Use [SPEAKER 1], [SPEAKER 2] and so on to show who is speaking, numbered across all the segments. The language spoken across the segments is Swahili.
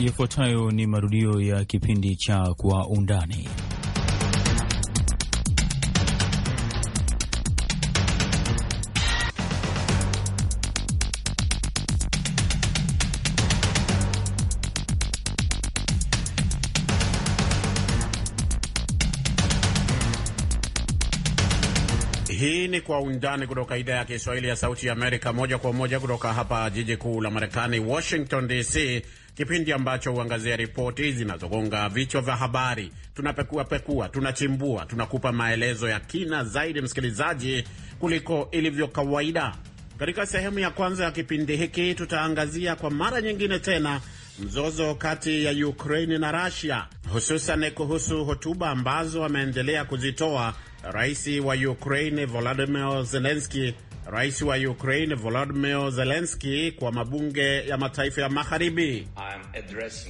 [SPEAKER 1] Yafuatayo ni marudio ya kipindi cha Kwa Undani.
[SPEAKER 2] Hii ni Kwa Undani kutoka idhaa ya Kiswahili ya Sauti ya Amerika, moja kwa moja kutoka hapa jiji kuu la Marekani, Washington DC kipindi ambacho huangazia ripoti zinazogonga vichwa vya habari. Tunapekuapekua, tunachimbua, tunakupa maelezo ya kina zaidi, msikilizaji, kuliko ilivyo kawaida. Katika sehemu ya kwanza ya kipindi hiki tutaangazia kwa mara nyingine tena mzozo kati ya Ukraini na Rusia, hususan kuhusu hotuba ambazo ameendelea kuzitoa rais wa Ukraini Volodimir Zelenski Rais wa Ukraine Volodymyr Zelensky kwa mabunge ya mataifa ya magharibi.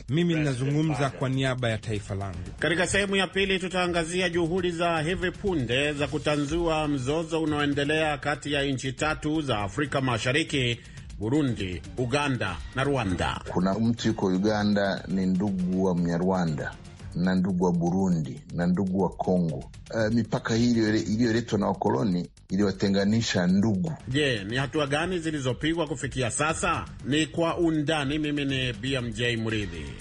[SPEAKER 3] Mimi ninazungumza kwa niaba ya taifa langu. Katika
[SPEAKER 2] sehemu ya pili, tutaangazia juhudi za hivi punde za kutanzua mzozo unaoendelea kati ya nchi tatu za Afrika Mashariki Burundi, Uganda na Rwanda.
[SPEAKER 4] Kuna mtu yuko Uganda ni ndugu wa Mnyarwanda na ndugu wa Burundi na ndugu wa Kongo. Uh, mipaka hii iliyoletwa na wakoloni iliyotenganisha ndugu.
[SPEAKER 2] Je, ni hatua gani zilizopigwa kufikia sasa? Ni kwa undani. Mimi ni BMJ Mridhi.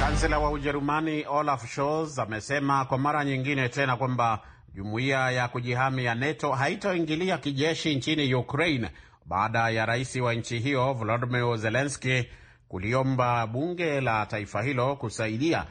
[SPEAKER 2] Kansela wa Ujerumani Olaf Scholz amesema kwa mara nyingine tena kwamba jumuiya ya kujihami ya NATO haitoingilia kijeshi nchini Ukraine baada ya rais wa nchi hiyo Volodymyr Zelensky kuliomba bunge la taifa hilo kusaidia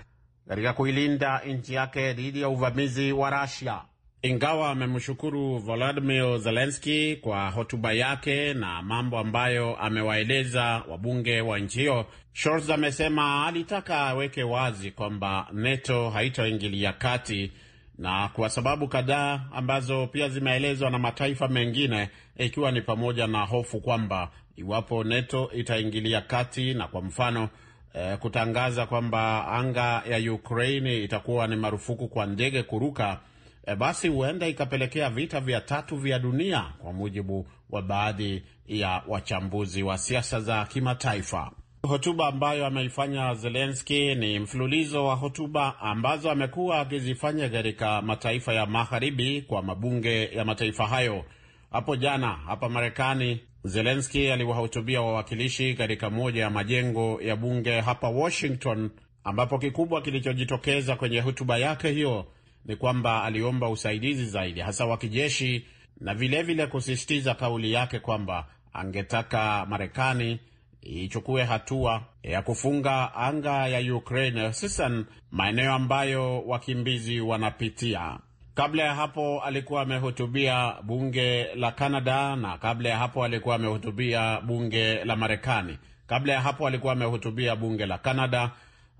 [SPEAKER 2] katika kuilinda nchi yake dhidi ya uvamizi wa Russia. Ingawa amemshukuru Volodymyr Zelensky kwa hotuba yake na mambo ambayo amewaeleza wabunge wa nchi hiyo, Scholz amesema alitaka aweke wazi kwamba NATO haitoingilia kati na kwa sababu kadhaa ambazo pia zimeelezwa na mataifa mengine, ikiwa ni pamoja na hofu kwamba iwapo NATO itaingilia kati na kwa mfano eh, kutangaza kwamba anga ya Ukraini itakuwa ni marufuku kwa ndege kuruka, eh, basi huenda ikapelekea vita vya tatu vya dunia, kwa mujibu wa baadhi ya wachambuzi wa siasa za kimataifa. Hotuba ambayo ameifanya Zelenski ni mfululizo wa hotuba ambazo amekuwa akizifanya katika mataifa ya magharibi kwa mabunge ya mataifa hayo. Hapo jana hapa Marekani, Zelenski aliwahutubia wawakilishi katika moja ya majengo ya bunge hapa Washington, ambapo kikubwa kilichojitokeza kwenye hotuba yake hiyo ni kwamba aliomba usaidizi zaidi, hasa wa kijeshi, na vilevile kusisitiza kauli yake kwamba angetaka Marekani ichukue hatua ya kufunga anga ya Ukraine, hususan maeneo ambayo wakimbizi wanapitia. Kabla ya hapo alikuwa amehutubia bunge la Canada, na kabla ya hapo alikuwa amehutubia bunge la Marekani. Kabla ya hapo alikuwa amehutubia bunge la Canada,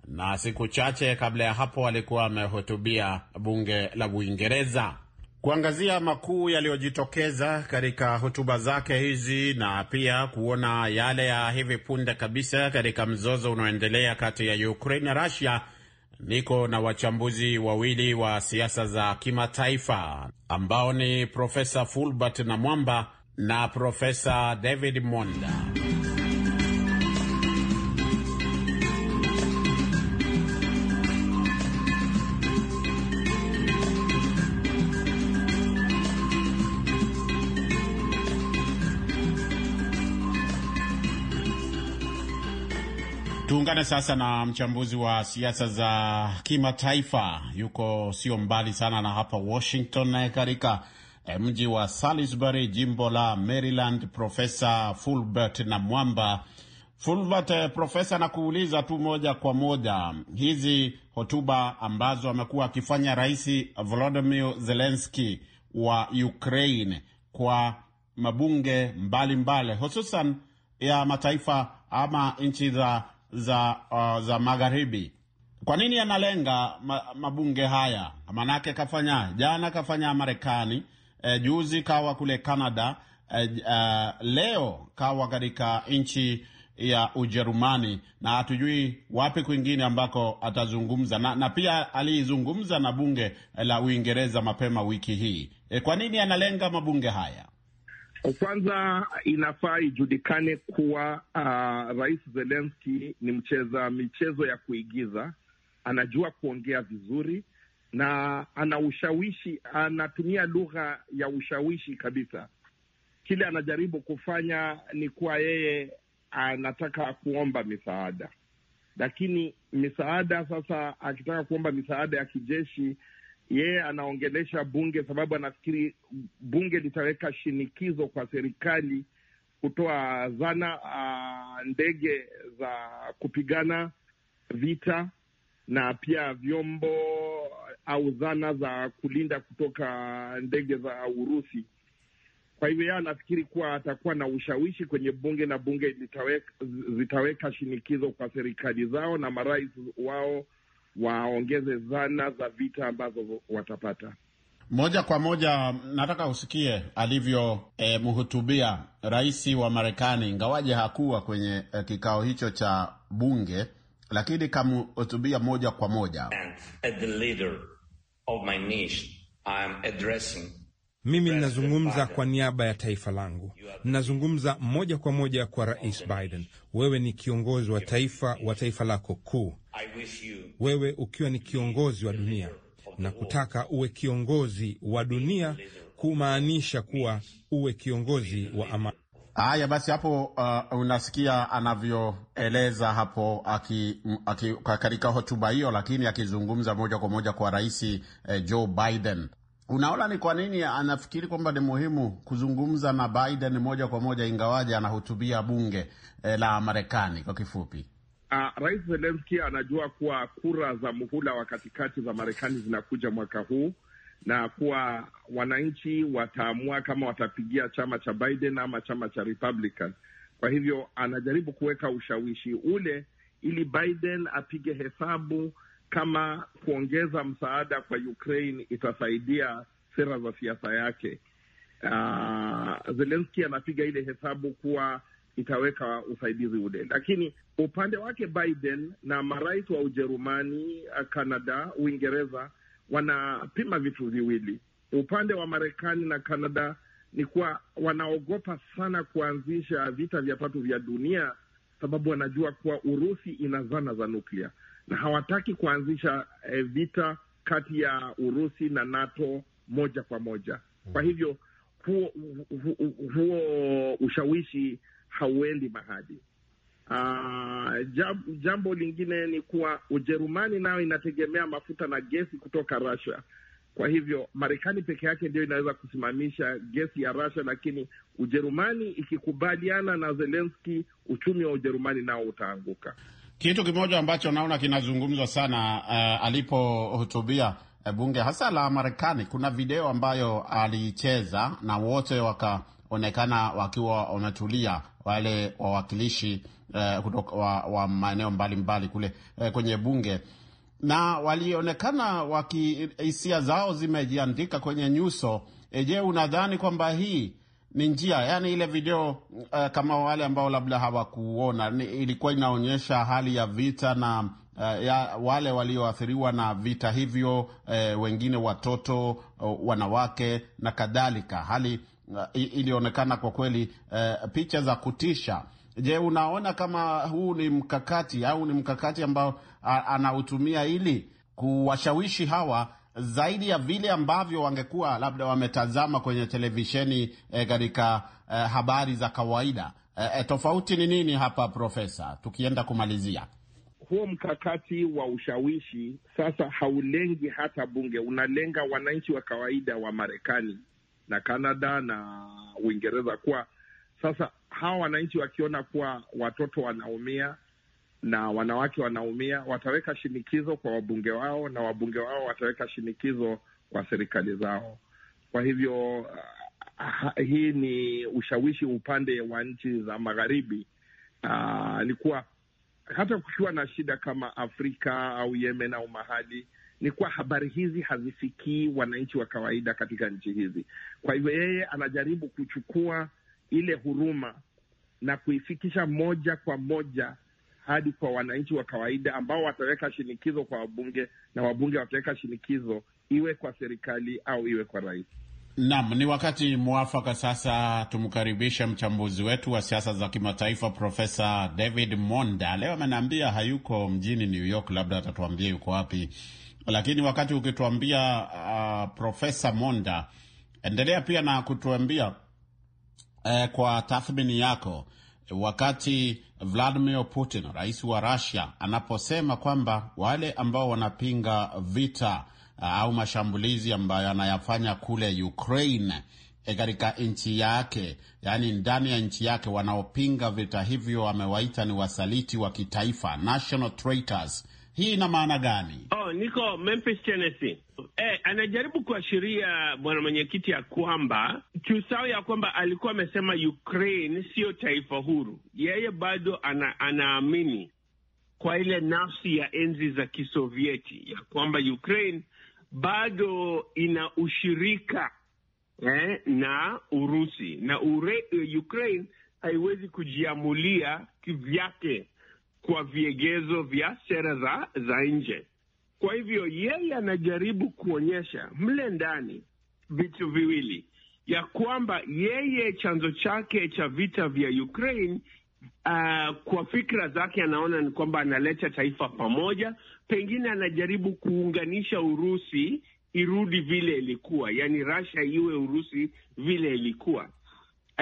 [SPEAKER 2] na siku chache kabla ya hapo alikuwa amehutubia bunge la Uingereza kuangazia makuu yaliyojitokeza katika hotuba zake hizi na pia kuona yale ya hivi punde kabisa katika mzozo unaoendelea kati ya Ukraine na Russia. Niko na wachambuzi wawili wa siasa za kimataifa ambao ni Profesa Fulbert Namwamba na Profesa David Monda. Tuungane sasa na mchambuzi wa siasa za kimataifa, yuko sio mbali sana na hapa Washington, katika eh, mji wa Salisbury, jimbo la Maryland, Profesa Fulbert na Mwamba. Fulbert, eh, profesa, nakuuliza tu moja kwa moja, hizi hotuba ambazo amekuwa akifanya Rais Volodymyr Zelensky wa Ukraine kwa mabunge mbalimbali mbali, hususan ya mataifa ama nchi za za, uh, za magharibi. Kwa nini analenga ma, mabunge haya? Manake kafanya jana, kafanya Marekani e, juzi kawa kule Canada e, uh, leo kawa katika nchi ya Ujerumani na hatujui wapi kwingine ambako atazungumza na, na pia aliizungumza na bunge eh, la Uingereza mapema wiki hii. E, kwa nini analenga mabunge haya?
[SPEAKER 3] Kwanza inafaa ijulikane kuwa uh, Rais Zelenski ni mcheza michezo ya kuigiza, anajua kuongea vizuri na ana ushawishi, anatumia lugha ya ushawishi kabisa. Kile anajaribu kufanya ni kuwa yeye anataka kuomba misaada, lakini misaada sasa, akitaka kuomba misaada ya kijeshi yeye anaongelesha bunge sababu anafikiri bunge litaweka shinikizo kwa serikali kutoa zana uh, ndege za kupigana vita na pia vyombo au zana za kulinda kutoka ndege za Urusi. Kwa hivyo yeye anafikiri kuwa atakuwa na ushawishi kwenye bunge na bunge litaweka, zitaweka shinikizo kwa serikali zao na marais wao waongeze zana za vita ambazo watapata.
[SPEAKER 2] Moja kwa moja nataka usikie alivyomhutubia eh, rais wa Marekani, ingawaje hakuwa kwenye e, kikao hicho cha bunge, lakini kamhutubia moja kwa moja. And
[SPEAKER 5] at the leader
[SPEAKER 1] of my nation, I am addressing
[SPEAKER 2] mimi ninazungumza kwa niaba
[SPEAKER 3] ya taifa langu, ninazungumza moja kwa moja kwa Rais Biden. Wewe ni kiongozi wa taifa wa taifa lako kuu, wewe ukiwa ni kiongozi wa dunia,
[SPEAKER 2] na kutaka uwe kiongozi wa dunia kumaanisha kuwa uwe kiongozi wa amani. Haya basi, hapo uh, unasikia anavyoeleza hapo aki, aki, katika hotuba hiyo, lakini akizungumza moja kwa moja kwa rais eh, Joe Biden. Unaona ni kwa nini anafikiri kwamba ni muhimu kuzungumza na Biden moja kwa moja, ingawaje anahutubia bunge eh, la Marekani. Kwa kifupi,
[SPEAKER 3] uh, Rais Zelenski anajua kuwa kura za muhula wa katikati za Marekani zinakuja mwaka huu na kuwa wananchi wataamua kama watapigia chama cha Biden ama chama cha Republican. Kwa hivyo anajaribu kuweka ushawishi ule ili Biden apige hesabu kama kuongeza msaada kwa Ukraine itasaidia sera za siasa yake. Uh, ah, Zelenski anapiga ile hesabu kuwa itaweka usaidizi ule, lakini upande wake Biden na marais wa Ujerumani, Kanada, Uingereza wanapima vitu viwili. Upande wa Marekani na Kanada ni kuwa wanaogopa sana kuanzisha vita vya tatu vya dunia, sababu wanajua kuwa Urusi ina zana za nuklia na hawataki kuanzisha eh, vita kati ya Urusi na NATO moja kwa moja. Kwa mm. hivyo huo, huo, huo ushawishi hauendi mahali. Uh, jambo lingine ni kuwa Ujerumani nayo inategemea mafuta na gesi kutoka Russia. Kwa hivyo Marekani peke yake ndio inaweza kusimamisha gesi ya Russia, lakini Ujerumani ikikubaliana na Zelensky, uchumi wa Ujerumani nao utaanguka.
[SPEAKER 2] Kitu kimoja ambacho naona kinazungumzwa sana uh, alipohutubia eh, bunge hasa la Marekani, kuna video ambayo alicheza na wote wakaonekana wakiwa wametulia, wale wawakilishi uh, kutoka wa, wa maeneo mbalimbali kule uh, kwenye bunge na walionekana waki hisia zao zimejiandika kwenye nyuso. Je, unadhani kwamba hii ni njia yani, ile video uh, kama wale ambao labda hawakuona ilikuwa inaonyesha hali ya vita na uh, ya wale walioathiriwa na vita hivyo, uh, wengine watoto, uh, wanawake na kadhalika, hali uh, ilionekana kwa kweli uh, picha za kutisha. Je, unaona kama huu ni mkakati au ni mkakati ambao anautumia ili kuwashawishi hawa zaidi ya vile ambavyo wangekuwa labda wametazama kwenye televisheni eh, katika e, e, habari za kawaida e, e, tofauti ni nini hapa Profesa, tukienda kumalizia
[SPEAKER 3] huo mkakati wa ushawishi sasa haulengi hata bunge, unalenga wananchi wa kawaida wa Marekani na Kanada na Uingereza. Kuwa sasa hawa wananchi wakiona kuwa watoto wanaumia, na wanawake wanaumia, wataweka shinikizo kwa wabunge wao na wabunge wao wataweka shinikizo kwa serikali zao. Kwa hivyo uh, hii ni ushawishi upande wa nchi za magharibi. Uh, ni kuwa hata kukiwa na shida kama Afrika au Yemen au mahali, ni kuwa habari hizi hazifikii wananchi wa kawaida katika nchi hizi. Kwa hivyo yeye anajaribu kuchukua ile huruma na kuifikisha moja kwa moja hadi kwa wananchi wa kawaida ambao wataweka shinikizo kwa wabunge na wabunge wataweka shinikizo iwe kwa serikali au iwe kwa rais.
[SPEAKER 2] Naam, ni wakati mwafaka sasa tumkaribishe mchambuzi wetu wa siasa za kimataifa Profesa David Monda. Leo ameniambia hayuko mjini New York, labda atatuambia yuko wapi, lakini wakati ukituambia, uh, Profesa Monda, endelea pia na kutuambia uh, kwa tathmini yako wakati Vladimir Putin, rais wa Russia, anaposema kwamba wale ambao wanapinga vita uh, au mashambulizi ambayo anayafanya kule Ukraine e, katika nchi yake, yaani ndani ya nchi yake, wanaopinga vita hivyo amewaita ni wasaliti wa kitaifa, national traitors hii ina maana gani?
[SPEAKER 6] Oh, niko Memphis, Tennessee. Eh, anajaribu kuashiria bwana mwenyekiti ya kwamba tusao ya kwamba alikuwa amesema Ukraine siyo taifa huru, yeye bado ana, anaamini kwa ile nafsi ya enzi za Kisovieti ya kwamba Ukraine bado ina ushirika eh, na Urusi na ure, eh, Ukraine haiwezi kujiamulia kivyake kwa viegezo vya sera za, za nje. Kwa hivyo yeye anajaribu kuonyesha mle ndani vitu viwili, ya kwamba yeye chanzo chake cha vita vya Ukraine uh, kwa fikra zake anaona ni kwamba analeta taifa pamoja, pengine anajaribu kuunganisha Urusi irudi vile ilikuwa, yaani Russia iwe Urusi vile ilikuwa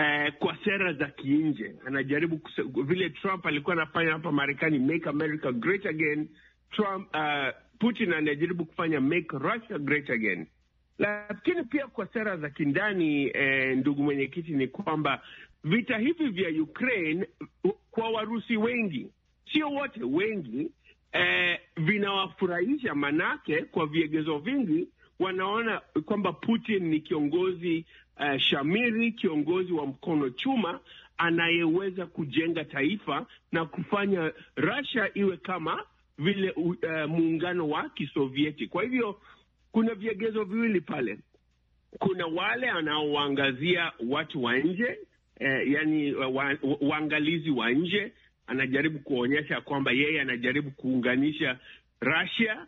[SPEAKER 6] eh, kwa sera za kinje anajaribu kuse, vile Trump alikuwa anafanya hapa Marekani, make America great again. Trump uh, Putin anajaribu kufanya make Russia great again, lakini pia kwa sera za kindani eh, ndugu mwenyekiti, ni kwamba vita hivi vya Ukraine kwa Warusi wengi, sio wote, wengi eh, vinawafurahisha, manake kwa viegezo vingi wanaona kwamba Putin ni kiongozi uh, Shamiri kiongozi wa mkono chuma anayeweza kujenga taifa na kufanya Russia iwe kama vile uh, muungano wa Kisovieti. Kwa hivyo kuna viegezo viwili pale. Kuna wale anaowaangazia watu wa nje eh, yani wa, waangalizi wa nje, anajaribu kuonyesha kwamba yeye anajaribu kuunganisha Russia,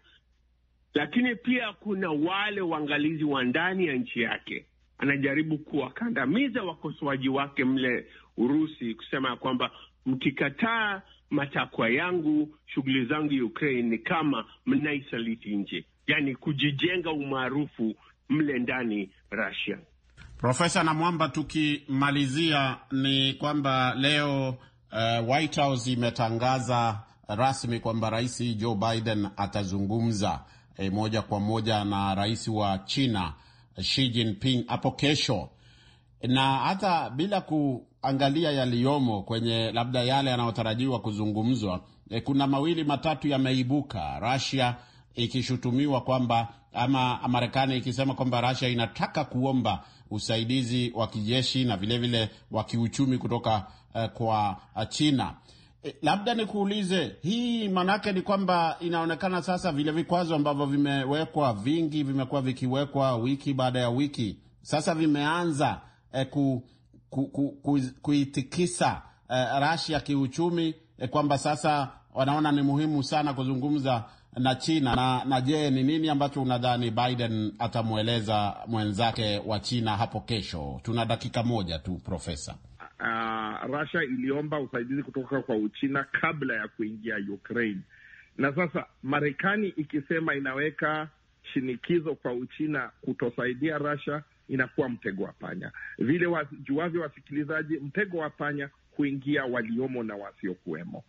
[SPEAKER 6] lakini pia kuna wale waangalizi wa ndani ya nchi yake anajaribu kuwakandamiza wakosoaji wake mle Urusi, kusema ya kwamba mkikataa matakwa yangu, shughuli zangu ukrain Ukraine ni kama mnaisaliti nje, yani kujijenga umaarufu mle ndani Russia.
[SPEAKER 2] Profesa Namwamba, tukimalizia ni kwamba leo uh, White House imetangaza rasmi kwamba Rais Joe Biden atazungumza eh, moja kwa moja na rais wa China Xi Jinping hapo kesho, na hata bila kuangalia yaliyomo kwenye labda yale yanayotarajiwa kuzungumzwa, eh, kuna mawili matatu yameibuka, Russia ikishutumiwa kwamba ama Marekani ikisema kwamba Russia inataka kuomba usaidizi wa kijeshi na vilevile wa kiuchumi kutoka uh, kwa China. Eh, labda nikuulize hii, maanake ni kwamba inaonekana sasa vile vikwazo ambavyo vimewekwa vingi, vimekuwa vikiwekwa wiki baada ya wiki, sasa vimeanza e, ku, ku, ku, ku, kuitikisa e, eh, Russia kiuchumi e, kwamba sasa wanaona ni muhimu sana kuzungumza na China na, na je, ni nini ambacho unadhani Biden atamweleza mwenzake wa China hapo kesho? Tuna dakika moja tu, Profesa
[SPEAKER 3] uh, Russia iliomba usaidizi kutoka kwa Uchina kabla ya kuingia Ukraine, na sasa Marekani ikisema inaweka shinikizo kwa Uchina kutosaidia Russia inakuwa mtego wa panya. Vile wajuavyo wasikilizaji, mtego wa panya kuingia waliomo na wasiokuwemo.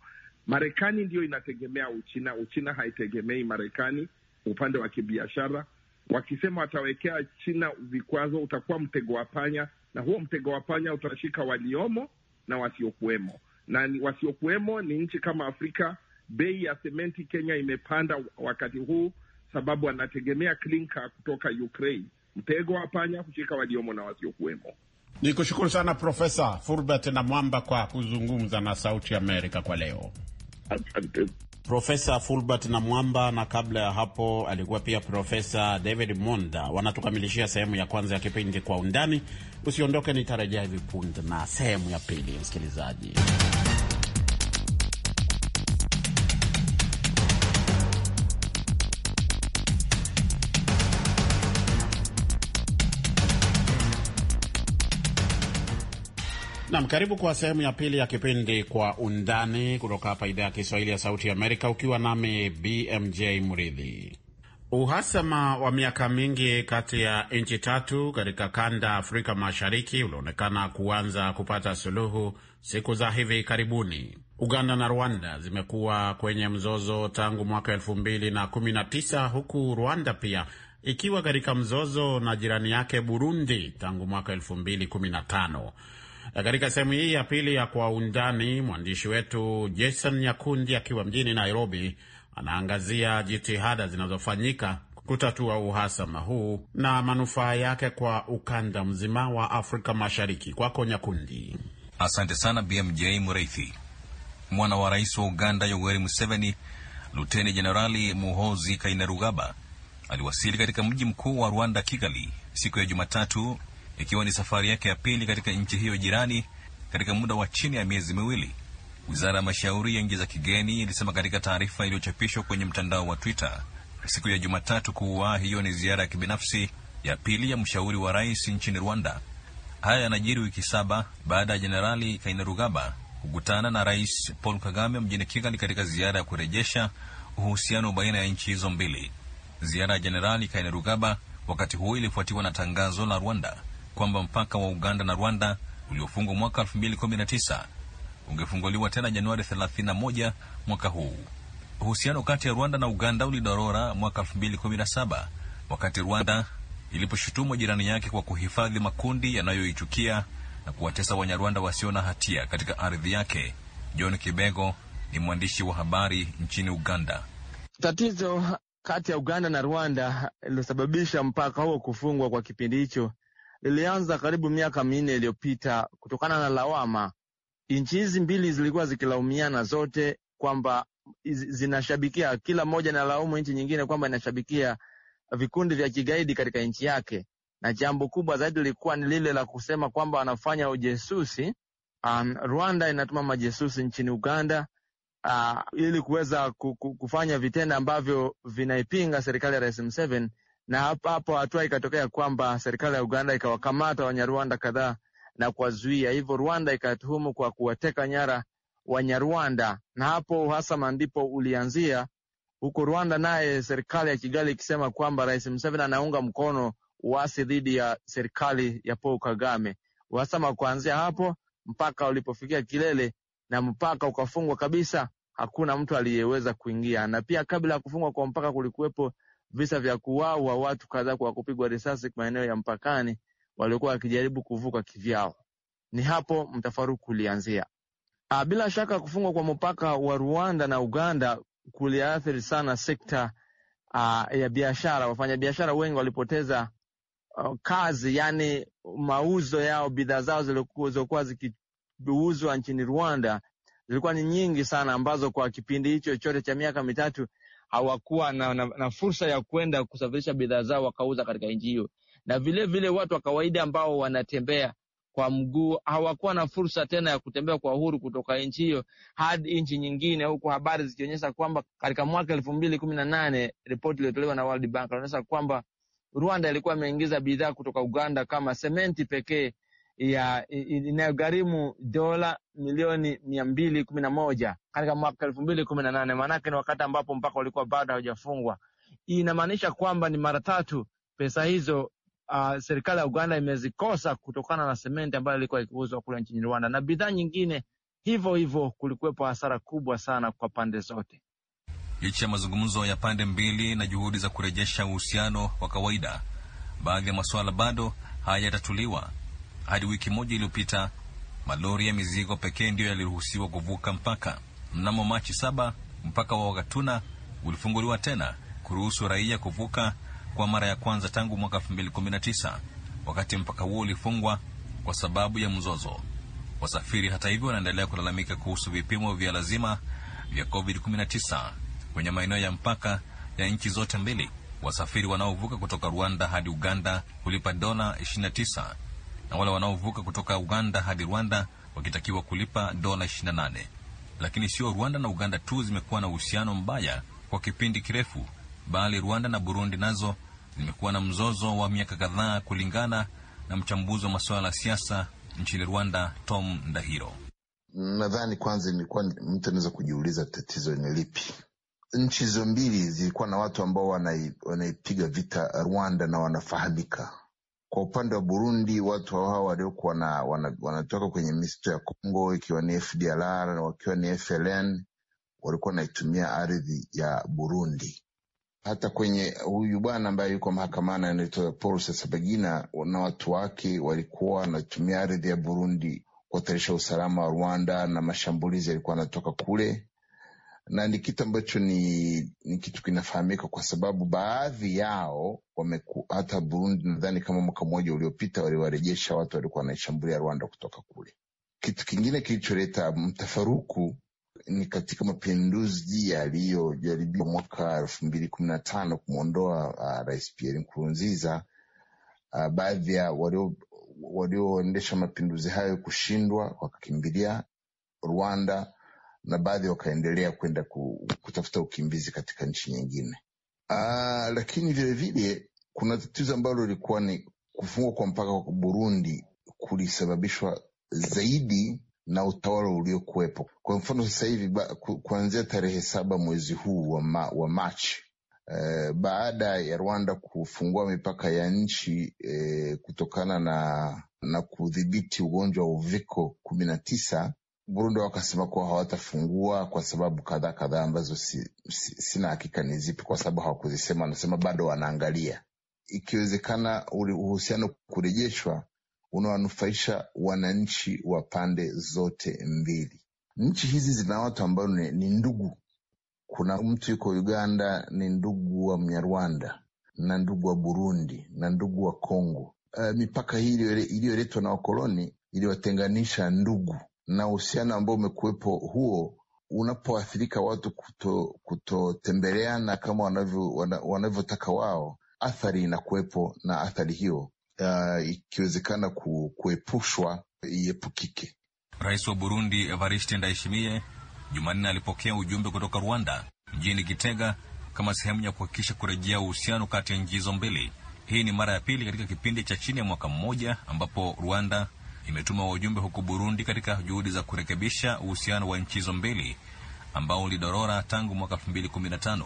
[SPEAKER 3] Marekani ndiyo inategemea Uchina, Uchina haitegemei Marekani upande wa kibiashara. Wakisema watawekea China vikwazo, utakuwa mtego wa panya na huo mtego wa panya utashika waliomo na wasiokuwemo, na wasiokuwemo ni nchi kama Afrika. Bei ya sementi Kenya imepanda wakati huu sababu anategemea klinka kutoka Ukraine. Mtego wa panya hushika waliomo na wasiokuwemo.
[SPEAKER 2] Ni kushukuru sana Profesa Furbert na Mwamba kwa kuzungumza na Sauti Amerika kwa leo. Asante. Profesa Fulbert na Mwamba na kabla ya hapo alikuwa pia Profesa David Monda wanatukamilishia sehemu ya kwanza ya kipindi Kwa Undani. Usiondoke, nitarejea hivi punde na sehemu ya pili, msikilizaji. Nam, karibu kwa sehemu ya pili ya kipindi Kwa Undani kutoka hapa idhaa ya Kiswahili ya Sauti Amerika, ukiwa nami BMJ Mridhi. Uhasama wa miaka mingi kati ya nchi tatu katika kanda Afrika Mashariki ulionekana kuanza kupata suluhu siku za hivi karibuni. Uganda na Rwanda zimekuwa kwenye mzozo tangu mwaka elfu mbili na kumi na tisa huku Rwanda pia ikiwa katika mzozo na jirani yake Burundi tangu mwaka elfu mbili kumi na tano. Katika sehemu hii ya pili ya Kwa Undani, mwandishi wetu Jason Nyakundi akiwa mjini Nairobi anaangazia jitihada zinazofanyika kutatua uhasama huu na manufaa yake kwa ukanda mzima wa Afrika Mashariki. Kwako
[SPEAKER 7] Nyakundi. Asante sana BMJ Mureithi. Mwana wa rais wa Uganda Yoweri Museveni, Luteni Jenerali Muhozi Kainerugaba aliwasili katika mji mkuu wa Rwanda, Kigali, siku ya Jumatatu ikiwa ni safari yake ya pili katika nchi hiyo jirani katika muda wa chini ya miezi miwili. Wizara ya mashauri ya nchi za kigeni ilisema katika taarifa iliyochapishwa kwenye mtandao wa Twitter siku ya Jumatatu kuwa hiyo ni ziara ya kibinafsi ya pili ya mshauri wa rais nchini Rwanda. Haya yanajiri wiki saba baada ya Jenerali Kainerugaba kukutana na Rais Paul Kagame mjini Kigali katika ziara ya kurejesha uhusiano baina ya nchi hizo mbili. Ziara ya Jenerali Kainerugaba wakati huo ilifuatiwa na tangazo la Rwanda kwamba mpaka wa Uganda na Rwanda uliofungwa mwaka 2019 ungefunguliwa tena Januari 31 mwaka huu. Uhusiano kati ya Rwanda na Uganda ulidorora mwaka 2017 wakati Rwanda iliposhutumu jirani yake kwa kuhifadhi makundi yanayoichukia na kuwatesa Wanyarwanda wasio na hatia katika ardhi yake. John Kibego ni mwandishi wa habari nchini Uganda.
[SPEAKER 5] Tatizo kati ya Uganda na Rwanda lilosababisha mpaka huo kufungwa kwa kipindi hicho lilianza karibu miaka minne iliyopita kutokana na lawama. Nchi hizi mbili zilikuwa zikilaumiana zote kwamba zinashabikia, kila mmoja analaumu nchi nyingine kwamba inashabikia vikundi vya kigaidi katika nchi yake, na jambo kubwa zaidi lilikuwa ni lile la kusema kwamba wanafanya ujesusi. Um, Rwanda inatuma majesusi nchini Uganda uh, ili kuweza kufanya vitendo ambavyo vinaipinga serikali ya Rais Museveni na hapo hapo hatua ikatokea kwamba serikali ya Uganda ikawakamata Wanyarwanda kadhaa na kuwazuia, hivyo Rwanda ikatuhumu kwa kuwateka nyara Wanyarwanda, na hapo uhasama ndipo ulianzia huko Rwanda, naye serikali ya Kigali ikisema kwamba Rais Museveni anaunga mkono uasi dhidi ya serikali ya Paul Kagame. Uhasama kuanzia hapo mpaka ulipofikia kilele na mpaka ukafungwa kabisa, hakuna mtu aliyeweza kuingia. Na pia kabla ya kufungwa kwa mpaka kulikuwepo visa vya kuwawa watu kadhaa kwa kupigwa risasi maeneo ya mpakani waliokuwa wakijaribu kuvuka kivyao. Ni hapo mtafaruku ulianzia. Ah, bila shaka kufungwa kwa mpaka wa Rwanda na Uganda kuliathiri sana sekta a, ah, ya biashara. Wafanyabiashara wengi walipoteza a, ah, kazi, yani mauzo yao, bidhaa zao zilizokuwa zikiuzwa nchini Rwanda zilikuwa ni nyingi sana, ambazo kwa kipindi hicho chote cha miaka mitatu hawakuwa na, na, na fursa ya kwenda kusafirisha bidhaa zao wakauza katika nchi hiyo, na vilevile vile watu wa kawaida ambao wanatembea kwa mguu hawakuwa na fursa tena ya kutembea kwa uhuru kutoka nchi hiyo hadi nchi nyingine, huku habari zikionyesha kwamba katika mwaka elfu mbili kumi na nane ripoti iliyotolewa na World Bank inaonyesha kwamba Rwanda ilikuwa imeingiza bidhaa kutoka Uganda kama sementi pekee ya inayogharimu dola milioni mia mbili kumi na moja katika mwaka elfu mbili kumi na nane maanake ni wakati ambapo mpaka ulikuwa bado haujafungwa. Inamaanisha kwamba ni mara tatu pesa hizo uh, serikali ya Uganda imezikosa kutokana na sementi ambayo ilikuwa ikiuzwa kule nchini Rwanda na bidhaa nyingine hivyo hivyo. Kulikuwepo hasara kubwa sana kwa pande
[SPEAKER 7] zote. Licha ya mazungumzo ya pande mbili na juhudi za kurejesha uhusiano wa kawaida, baadhi ya masuala bado hayatatuliwa hadi wiki moja iliyopita, malori ya mizigo pekee ndiyo yaliruhusiwa kuvuka mpaka. Mnamo Machi saba, mpaka wa wakatuna ulifunguliwa tena kuruhusu raia kuvuka kwa mara ya kwanza tangu mwaka tisa wakati mpaka huo ulifungwa kwa sababu ya mzozo. Wasafiri hata hivyo, wanaendelea kulalamika kuhusu vipimo vya lazima vya COVID-19 kwenye maeneo ya mpaka ya nchi zote mbili. Wasafiri wanaovuka kutoka Rwanda hadi Uganda hulipa dola 29 na wale wanaovuka kutoka Uganda hadi Rwanda wakitakiwa kulipa dola 28. Lakini sio Rwanda na Uganda tu zimekuwa na uhusiano mbaya kwa kipindi kirefu, bali Rwanda na Burundi nazo zimekuwa na mzozo wa miaka kadhaa, kulingana na mchambuzi wa masuala ya siasa nchini Rwanda Tom Ndahiro.
[SPEAKER 4] Nadhani kwanza ilikuwa mtu anaweza kujiuliza tatizo ni lipi. Nchi hizo mbili zilikuwa na watu ambao wanaipiga vita Rwanda na wanafahamika kwa upande wa Burundi, watu hao hao waliokuwa wanatoka kwenye misitu ya Kongo ikiwa ni FDLR wakiwa ni FLN walikuwa wanaitumia ardhi ya Burundi. Hata kwenye huyu bwana ambaye yuko mahakamani anaitwa Paul Rusesabagina na watu wake walikuwa wanatumia ardhi ya Burundi kuhatarisha usalama wa Rwanda na mashambulizi yalikuwa yanatoka kule na ni kitu ambacho ni, ni kitu kinafahamika kwa sababu baadhi yao wameku, hata Burundi nadhani kama mwaka mmoja uliopita waliwarejesha watu walikuwa wanaishambulia Rwanda kutoka kule. Kitu kingine kilicholeta mtafaruku ni katika mapinduzi yaliyojaribiwa mwaka elfu mbili kumi na tano kumwondoa uh, Rais Pierre Nkurunziza. Uh, baadhi ya walioendesha walio mapinduzi hayo kushindwa wakakimbilia Rwanda na baadhi wakaendelea kwenda kutafuta ukimbizi katika nchi nyingine. Aa, ah, lakini vilevile kuna tatizo ambalo lilikuwa ni kufungwa kwa mpaka wa Burundi kulisababishwa zaidi na utawala uliokuwepo. Kwa mfano sasa hivi kuanzia tarehe saba mwezi huu wa, ma, wa Machi e, eh, baada ya Rwanda kufungua mipaka ya nchi e, kutokana na na kudhibiti ugonjwa wa uviko kumi na tisa Burundi wakasema kuwa hawatafungua kwa sababu kadhaa kadhaa ambazo si, si, sina hakika ni zipi, kwa sababu hawakuzisema. Wanasema bado wanaangalia, ikiwezekana uhusiano kurejeshwa unawanufaisha wananchi wa pande zote mbili. Nchi hizi zina watu ambao ni, ni ndugu. Kuna mtu yuko Uganda ni ndugu wa Mnyarwanda na ndugu wa Burundi na ndugu wa Kongo. Uh, mipaka hii iliyoletwa na wakoloni iliwatenganisha ndugu na uhusiano ambao umekuwepo huo unapoathirika watu kutotembeleana kuto kama wanavyotaka wana, wao, athari inakuwepo na athari hiyo uh, ikiwezekana ku, kuepushwa
[SPEAKER 7] iepukike. Rais wa Burundi Evariste Ndayishimiye Jumanne alipokea ujumbe kutoka Rwanda mjini Gitega kama sehemu ya kuhakikisha kurejea uhusiano kati ya nchi hizo mbili. Hii ni mara ya pili katika kipindi cha chini ya mwaka mmoja ambapo Rwanda imetuma wajumbe huko Burundi katika juhudi za kurekebisha uhusiano wa nchi hizo mbili ambao ulidorora tangu mwaka 2015.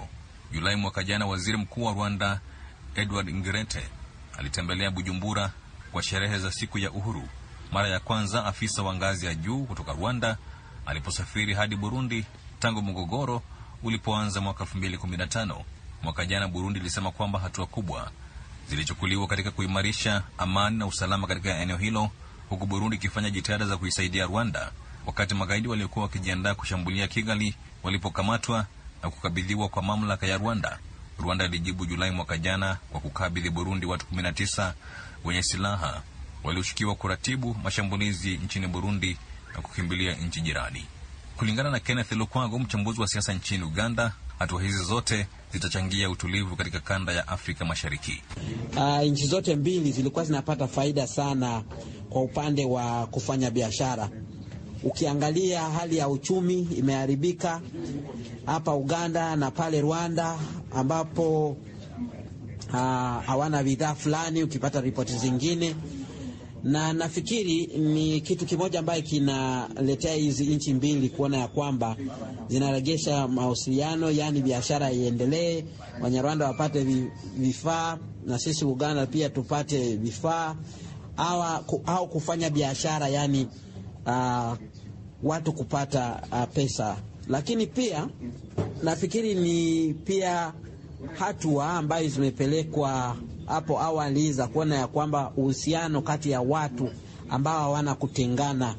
[SPEAKER 7] Julai mwaka jana, waziri mkuu wa Rwanda Edward Ngirente alitembelea Bujumbura kwa sherehe za siku ya uhuru, mara ya kwanza afisa wa ngazi ya juu kutoka Rwanda aliposafiri hadi Burundi tangu mgogoro ulipoanza mwaka 2015. Mwaka jana Burundi ilisema kwamba hatua kubwa zilichukuliwa katika kuimarisha amani na usalama katika eneo hilo huku Burundi ikifanya jitihada za kuisaidia Rwanda wakati magaidi waliokuwa wakijiandaa kushambulia Kigali walipokamatwa na kukabidhiwa kwa mamlaka ya Rwanda. Rwanda ilijibu Julai mwaka jana kwa kukabidhi Burundi watu 19 wenye silaha walioshukiwa kuratibu mashambulizi nchini Burundi na kukimbilia nchi jirani. Kulingana na Kenneth Lukwago, mchambuzi wa siasa nchini Uganda, hatua hizi zote zitachangia utulivu katika kanda ya Afrika Mashariki.
[SPEAKER 2] Uh, nchi zote mbili zilikuwa zinapata faida sana kwa upande wa kufanya biashara. Ukiangalia hali ya uchumi imeharibika hapa Uganda na pale Rwanda ambapo ah, hawana bidhaa fulani, ukipata ripoti zingine na nafikiri ni kitu kimoja ambaye kinaletea hizi nchi mbili kuona ya kwamba zinaregesha mawasiliano, yaani biashara iendelee, Wanyarwanda wapate vifaa na sisi Uganda pia tupate vifaa au kufanya biashara, yaani uh, watu kupata uh, pesa. Lakini pia nafikiri ni pia hatua ambayo zimepelekwa hapo awali za kuona ya kwamba uhusiano kati ya watu ambao hawana kutengana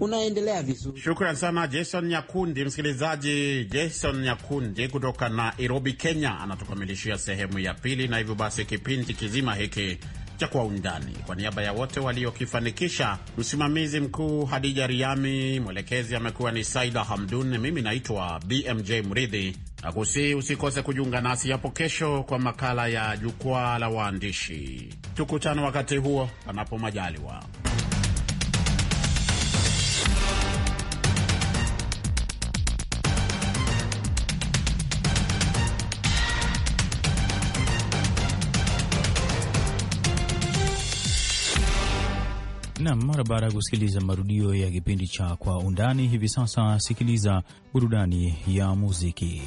[SPEAKER 2] unaendelea vizuri. Shukran sana Jason Nyakundi. Msikilizaji, Jason Nyakundi kutoka Nairobi, Kenya, anatukamilishia sehemu ya pili, na hivyo basi kipindi kizima hiki cha Kwa Undani, kwa niaba ya wote waliokifanikisha, msimamizi mkuu Hadija Riami, mwelekezi amekuwa ni Saida Hamdun, mimi naitwa BMJ Mridhi. Nakusihi usikose kujiunga nasi hapo kesho kwa makala ya jukwaa la waandishi. Tukutane wakati huo, panapo majaliwa.
[SPEAKER 1] Nam, mara baada ya kusikiliza
[SPEAKER 7] marudio ya kipindi cha Kwa Undani, hivi sasa sikiliza burudani ya muziki.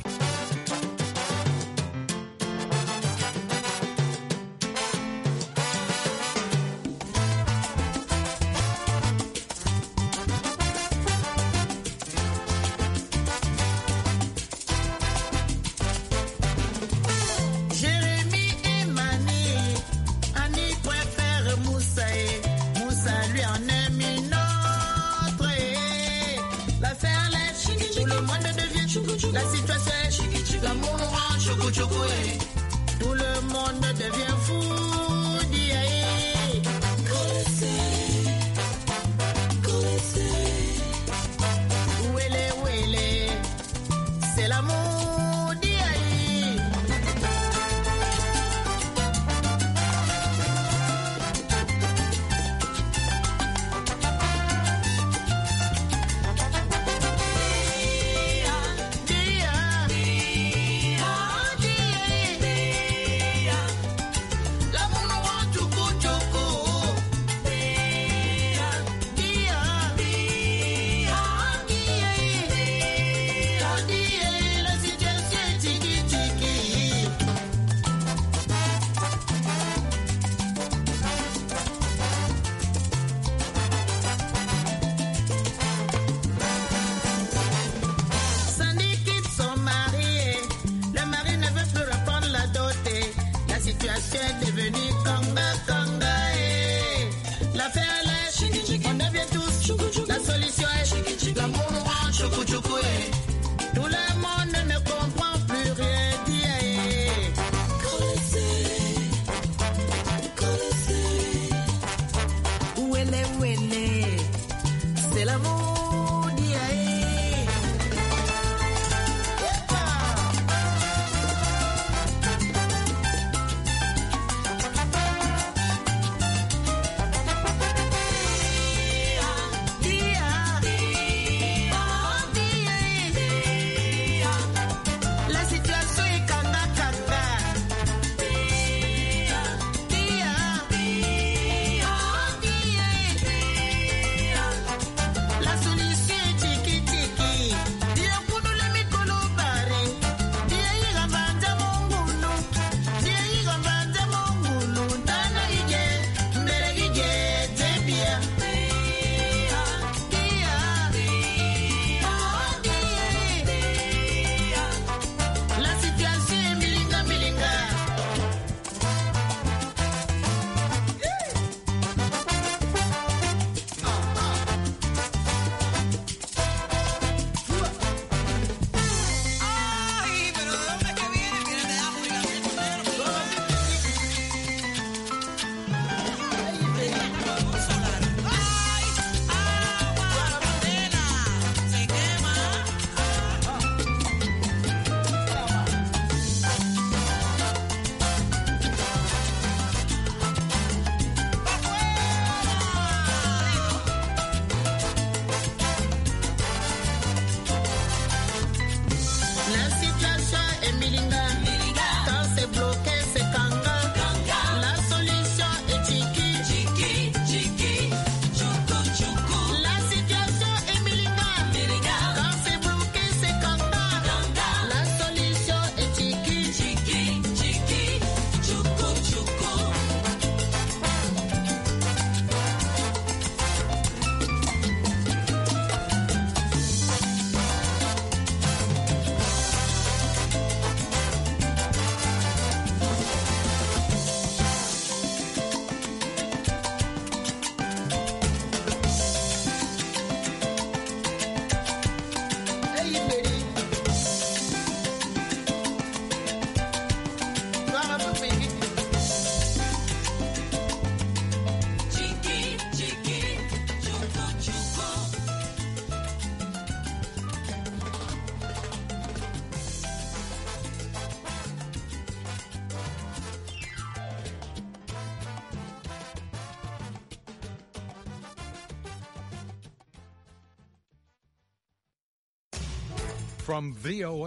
[SPEAKER 1] from VOA.